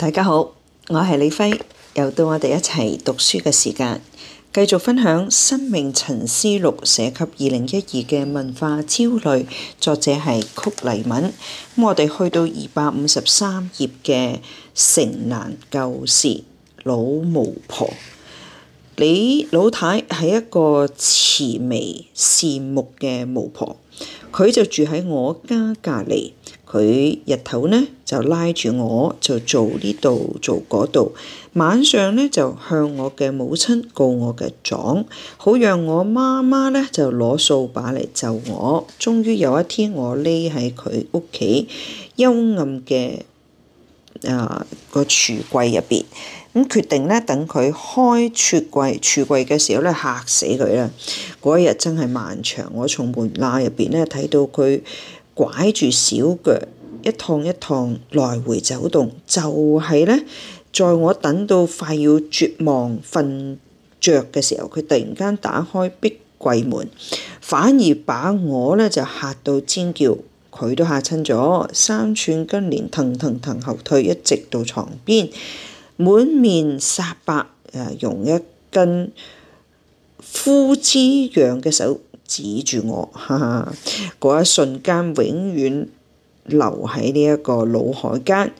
大家好，我係李輝，又到我哋一齊讀書嘅時間，繼續分享《生命沉思錄》寫給二零一二嘅文化焦慮，作者係曲黎敏。咁我哋去到二百五十三頁嘅《城南舊事》，老巫婆李老太係一個慈眉善目嘅巫婆，佢就住喺我家隔籬。佢日頭咧就拉住我，就做呢度做嗰度。晚上咧就向我嘅母親告我嘅狀，好讓我媽媽咧就攞掃把嚟揍我。終於有一天我匿喺佢屋企幽暗嘅啊個櫥櫃入邊，咁決定咧等佢開櫥櫃，櫥櫃嘅時候咧嚇死佢啦！嗰一日真係漫長，我從門罅入邊咧睇到佢。拐住小腳一趟一趟來回走動，就係呢。在我等到快要絕望瞓着嘅時候，佢突然間打開壁櫃門，反而把我呢就嚇到尖叫，佢都嚇親咗。三寸金蓮騰騰騰後退一直到床邊，滿面煞白，用一根枯枝樣嘅手。指住我，哈哈，嗰一瞬間永遠留喺呢、呃、一個腦海間。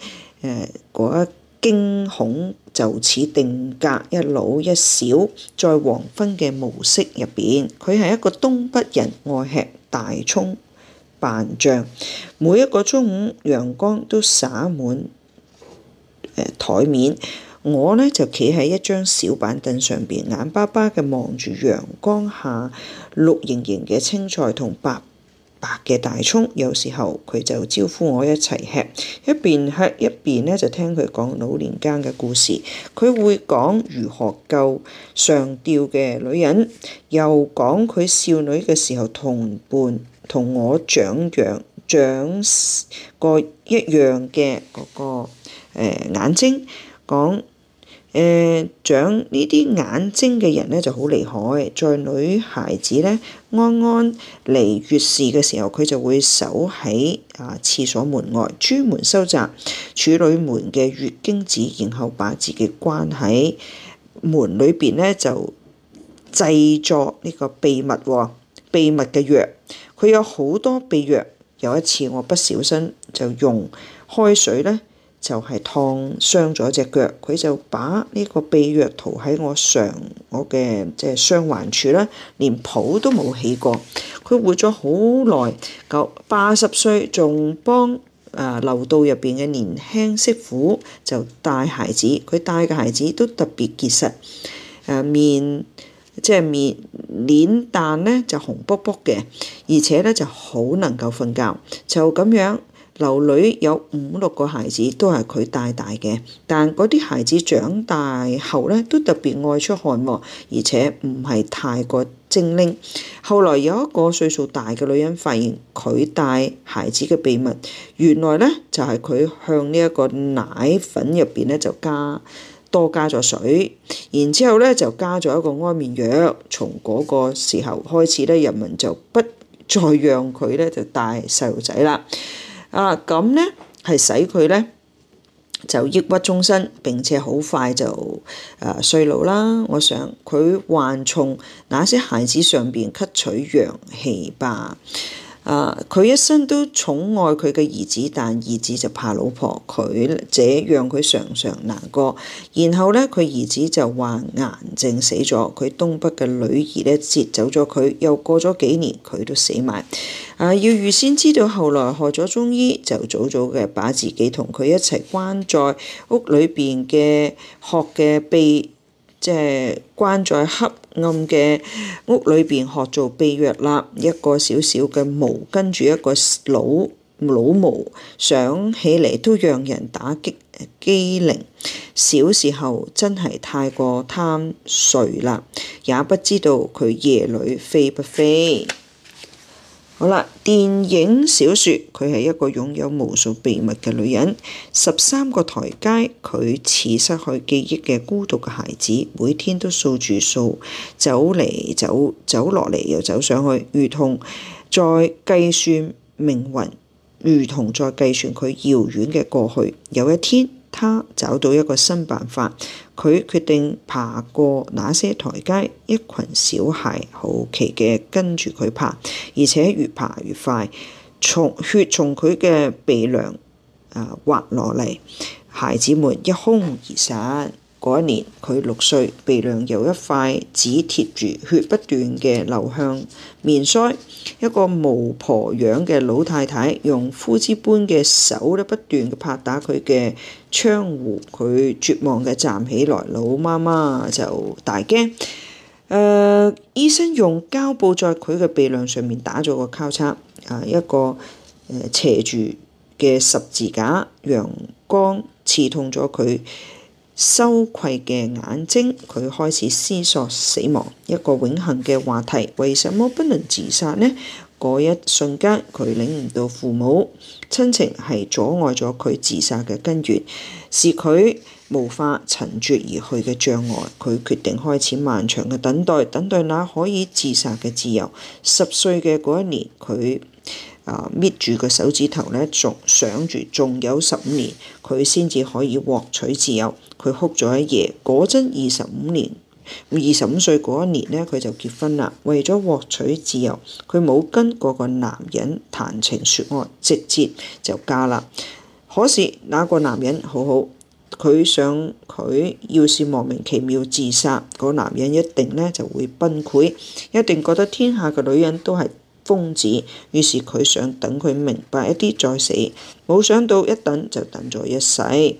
誒，嗰一驚恐就此定格，一老一小在黃昏嘅暮色入邊，佢係一個東北人，愛吃大葱拌醬。每一個中午，陽光都灑滿誒、呃、台面。我呢，就企喺一張小板凳上邊，眼巴巴嘅望住陽光下綠瑩瑩嘅青菜同白白嘅大葱。有時候，佢就招呼我一齊吃，一邊吃一邊呢，就聽佢講老年間嘅故事。佢會講如何救上吊嘅女人，又講佢少女嘅時候同伴同我長樣長個一樣嘅嗰、那個誒、呃、眼睛，講。誒、呃、長呢啲眼睛嘅人咧就好厲害，在女孩子咧安安嚟月事嘅時候，佢就會守喺啊廁所門外，專門收集處女們嘅月經紙，然後把自己關喺門裏邊咧就製作呢個秘密、哦、秘密嘅藥。佢有好多秘藥。有一次我不小心就用開水咧，就係燙傷咗隻腳，佢就把呢個秘藥塗喺我上我嘅即係傷患處啦，連泡都冇起過。佢活咗好耐，八十歲仲幫啊樓道入邊嘅年輕媳婦就帶孩子，佢帶嘅孩子都特別結實。誒、呃、面即係、就是、面臉蛋咧就紅卜卜嘅，而且咧就好能夠瞓覺，就咁樣。樓裏有五六個孩子都係佢帶大嘅，但嗰啲孩子長大後咧都特別愛出汗，而且唔係太過精靈。後來有一個歲數大嘅女人發現佢帶孩子嘅秘密，原來咧就係、是、佢向呢一個奶粉入邊咧就加多加咗水，然之後咧就加咗一個安眠藥。從嗰個時候開始咧，人民就不再讓佢咧就帶細路仔啦。啊，咁咧係使佢咧就抑鬱終身，並且好快就啊、呃、衰老啦。我想佢還從那些孩子上邊吸取陽氣吧。啊！佢一生都寵愛佢嘅兒子，但兒子就怕老婆，佢這讓佢常常難過。然後呢，佢兒子就患癌症死咗。佢東北嘅女兒呢，接走咗佢。又過咗幾年，佢都死埋。啊！要預先知道後來害咗中醫，就早早嘅把自己同佢一齊關在屋裏邊嘅學嘅被，即係關在黑暗嘅屋裏邊學做秘藥啦，一個小小嘅毛跟住一個老老毛，想起嚟都讓人打擊機靈。小時候真係太過貪睡啦，也不知道佢夜裏飛不飛。好啦，電影小說，佢係一個擁有無數秘密嘅女人。十三個台階，佢似失去記憶嘅孤獨嘅孩子，每天都數住數，走嚟走，走落嚟又走上去，如同在計算命運，如同在計算佢遙遠嘅過去。有一天。他找到一個新辦法，佢決定爬過那些台階，一群小孩好奇嘅跟住佢爬，而且越爬越快，從血從佢嘅鼻梁滑落嚟。孩子們一哄而散。嗰一年，佢六歲，鼻梁由一塊紙貼住，血不斷嘅流向面腮。一個巫婆樣嘅老太太用枯枝般嘅手咧不斷拍打佢嘅窗戶。佢絕望嘅站起來，老媽媽就大驚。誒、呃，醫生用膠布在佢嘅鼻梁上面打咗個交叉，啊，一個誒斜住嘅十字架，陽光刺痛咗佢。羞愧嘅眼睛，佢開始思索死亡，一個永恆嘅話題。為什麼不能自殺呢？嗰一瞬間，佢領悟到父母親情係阻礙咗佢自殺嘅根源，是佢無法沉絕而去嘅障礙。佢決定開始漫長嘅等待，等待那可以自殺嘅自由。十歲嘅嗰一年，佢。啊，搣住個手指頭咧，仲想住仲有十五年，佢先至可以獲取自由。佢哭咗一夜，果真二十五年，二十五歲嗰一年呢，佢就結婚啦。為咗獲取自由，佢冇跟嗰個男人談情説愛，直接就嫁啦。可是那個男人好好，佢想佢要是莫名其妙自殺，那個男人一定呢就會崩潰，一定覺得天下嘅女人都係瘋子，於是佢想等佢明白一啲再死，冇想到一等就等咗一世。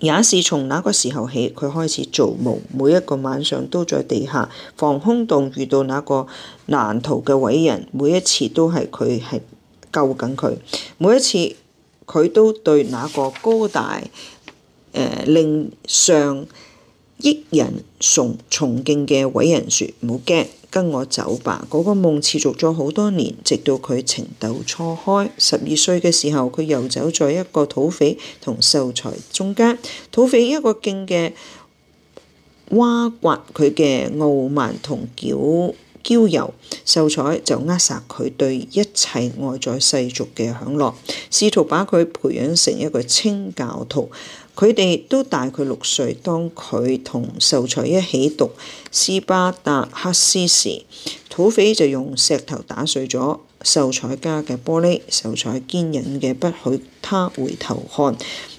也是從那個時候起，佢開始造夢，每一個晚上都在地下防空洞遇到那個難逃嘅偉人，每一次都係佢係救緊佢，每一次佢都對那個高大誒、呃、令上。益人崇敬嘅偉人說：唔好驚，跟我走吧。嗰、那個夢持續咗好多年，直到佢情竇初開。十二歲嘅時候，佢遊走在一個土匪同秀才中間。土匪一個勁嘅挖掘佢嘅傲慢同嬌柔，秀才就扼殺佢對一切外在世俗嘅享樂，試圖把佢培養成一個清教徒。佢哋都大佢六歲。當佢同秀才一起讀《斯巴達克斯》時，土匪就用石頭打碎咗秀才家嘅玻璃。秀才堅忍嘅，不許他回頭看，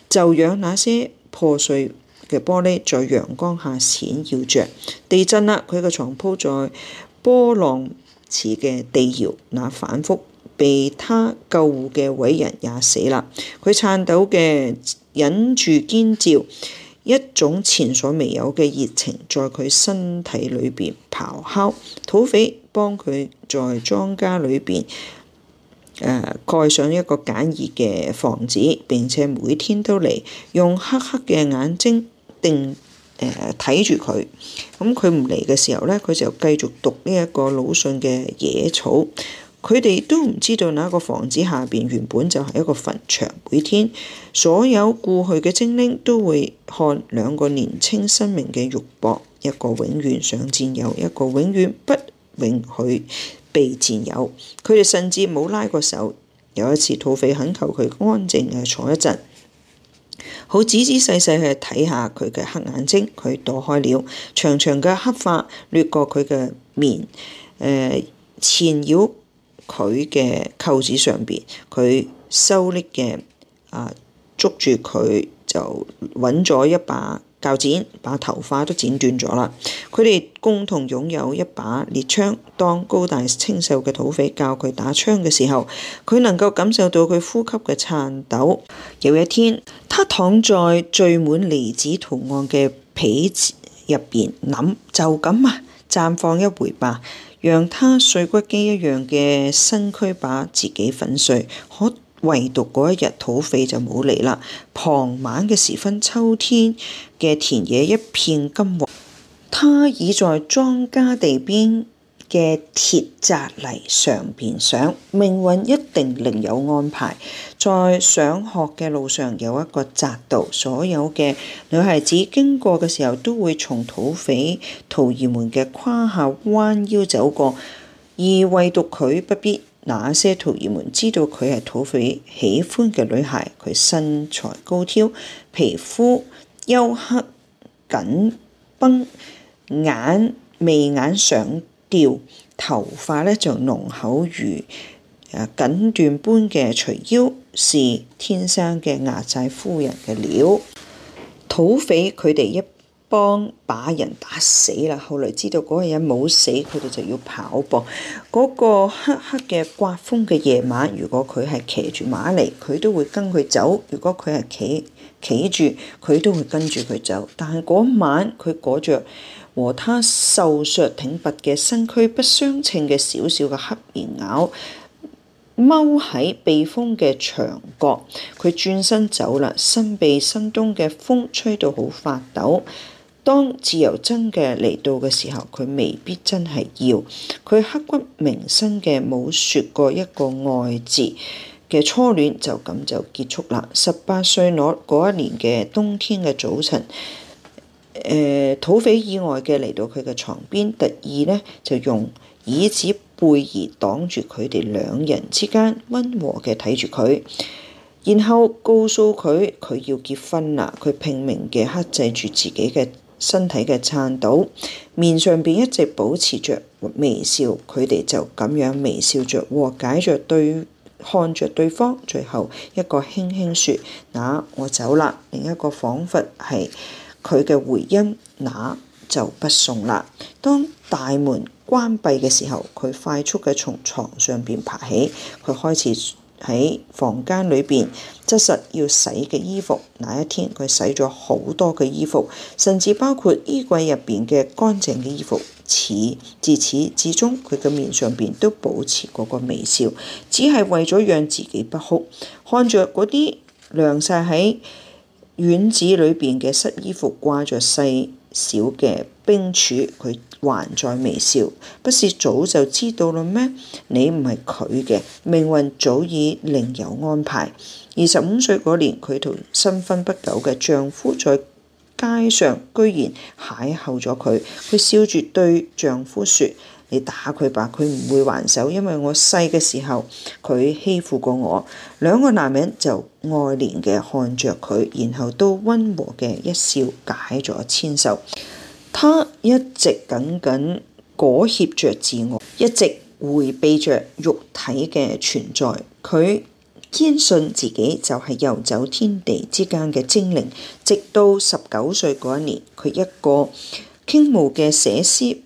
就讓那些破碎嘅玻璃在陽光下閃耀着。地震啦！佢嘅床鋪在波浪池嘅地搖，那反覆被他救護嘅偉人也死啦。佢撐到嘅。忍住尖叫，一種前所未有嘅熱情在佢身體裏邊咆哮。土匪幫佢在莊家裏邊呃、蓋上一個簡易嘅房子，並且每天都嚟用黑黑嘅眼睛定、呃、睇住佢。咁佢唔嚟嘅時候咧，佢就繼續讀呢一個魯迅嘅野草。佢哋都唔知道那個房子下邊原本就係一個墳場。每天所有故去嘅精靈都會看兩個年青生命嘅肉搏，一個永遠想佔有，一個永遠不允許被佔有。佢哋甚至冇拉過手。有一次，土匪懇求佢安靜嘅坐一陣，好仔仔細細去睇下佢嘅黑眼睛。佢躲開了，長長嘅黑髮掠過佢嘅面，誒纏繞。佢嘅扣子上邊，佢收匿嘅啊，捉住佢就揾咗一把鉸剪，把頭髮都剪斷咗啦。佢哋共同擁有一把獵槍，當高大清秀嘅土匪教佢打槍嘅時候，佢能夠感受到佢呼吸嘅顫抖。有一天，他躺在綴滿梨子圖案嘅被子入邊，諗：「就咁啊，綻放一回吧。」讓他碎骨機一樣嘅身軀把自己粉碎，可唯獨嗰一日土匪就冇嚟啦。傍晚嘅時分，秋天嘅田野一片金黃，他倚在莊稼地邊。嘅鐵扎泥上邊上，命運一定另有安排。在上學嘅路上有一個窄道，所有嘅女孩子經過嘅時候都會從土匪徒兒們嘅胯下彎腰走過，而唯獨佢不必。那些徒兒們知道佢係土匪喜歡嘅女孩，佢身材高挑，皮膚黝黑緊繃，眼眉眼上。頭髮呢，就濃厚如誒錦緞般嘅垂腰，是天生嘅壓寨夫人嘅料。土匪佢哋一般。幫把人打死啦！後嚟知道嗰個人冇死，佢哋就要跑步。嗰、那個黑黑嘅刮風嘅夜晚，如果佢係騎住馬嚟，佢都會跟佢走；如果佢係企企住，佢都會跟住佢走。但係嗰晚，佢裹着和他瘦削挺拔嘅身軀不相稱嘅小小嘅黑棉襖，踎喺避風嘅牆角。佢轉身走啦，身被深冬嘅風吹到好發抖。當自由真嘅嚟到嘅時候，佢未必真係要佢刻骨銘心嘅冇説過一個愛字嘅初戀就咁就結束啦。十八歲嗰一年嘅冬天嘅早晨，呃、土匪意外嘅嚟到佢嘅床邊，特意呢就用椅子背兒擋住佢哋兩人之間，溫和嘅睇住佢，然後告訴佢佢要結婚啦。佢拼命嘅克制住自己嘅。身體嘅顫抖，面上便一直保持着微笑，佢哋就咁樣微笑着和解着對看著對方，最後一個輕輕說：那我走啦。另一個彷彿係佢嘅回音，那就不送啦。當大門關閉嘅時候，佢快速嘅從床上邊爬起，佢開始。喺房間裏邊，執拾要洗嘅衣服，那一天佢洗咗好多嘅衣服，甚至包括衣櫃入邊嘅乾淨嘅衣服。始至始至終，佢嘅面上邊都保持嗰個微笑，只係為咗讓自己不哭。看着嗰啲晾晒喺院子裏邊嘅濕衣服掛着曬。小嘅冰柱，佢還在微笑，不是早就知道嘞咩？你唔係，佢嘅命運早已另有安排。二十五歲嗰年，佢同新婚不久嘅丈夫在街上，居然邂逅咗佢。佢笑住對丈夫說。你打佢吧，佢唔會還手，因為我細嘅時候佢欺負過我。兩個男人就愛憐嘅看着佢，然後都温和嘅一笑解咗千手。他一直緊緊裹挾着自我，一直回避着肉體嘅存在。佢堅信自己就係遊走天地之間嘅精靈，直到十九歲嗰一年，佢一個傾慕嘅寫詩。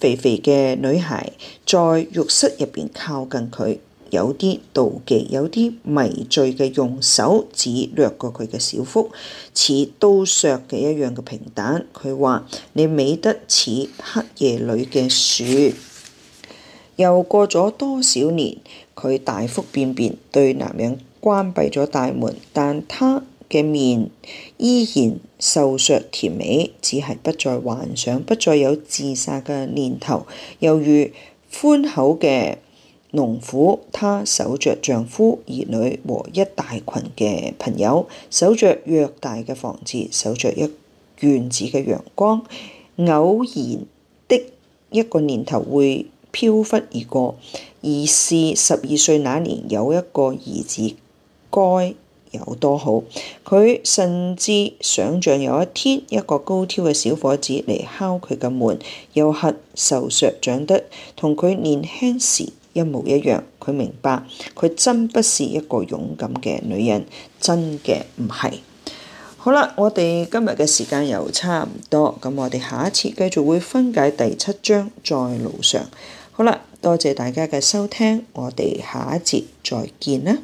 肥肥嘅女孩在浴室入邊靠近佢，有啲妒忌，有啲迷醉嘅用手指掠過佢嘅小腹，似刀削嘅一樣嘅平坦。佢話，你美得似黑夜裏嘅雪。又過咗多少年，佢大腹便便，對男人關閉咗大門，但他。嘅面依然瘦削甜美，只係不再幻想，不再有自殺嘅念頭。又如寬厚嘅農婦，她守着丈夫、兒女和一大群嘅朋友，守着偌大嘅房子，守着一院子嘅陽光。偶然的一個念頭會飄忽而過，而是十二歲那年有一個兒子該有多好，佢甚至想像，有一天一個高挑嘅小伙子嚟敲佢嘅門，又黑瘦削、長得同佢年輕時一模一樣，佢明白，佢真不是一個勇敢嘅女人，真嘅唔係。好啦，我哋今日嘅時間又差唔多，咁我哋下一次繼續會分解第七章，在路上。好啦，多謝大家嘅收聽，我哋下一節再見啦。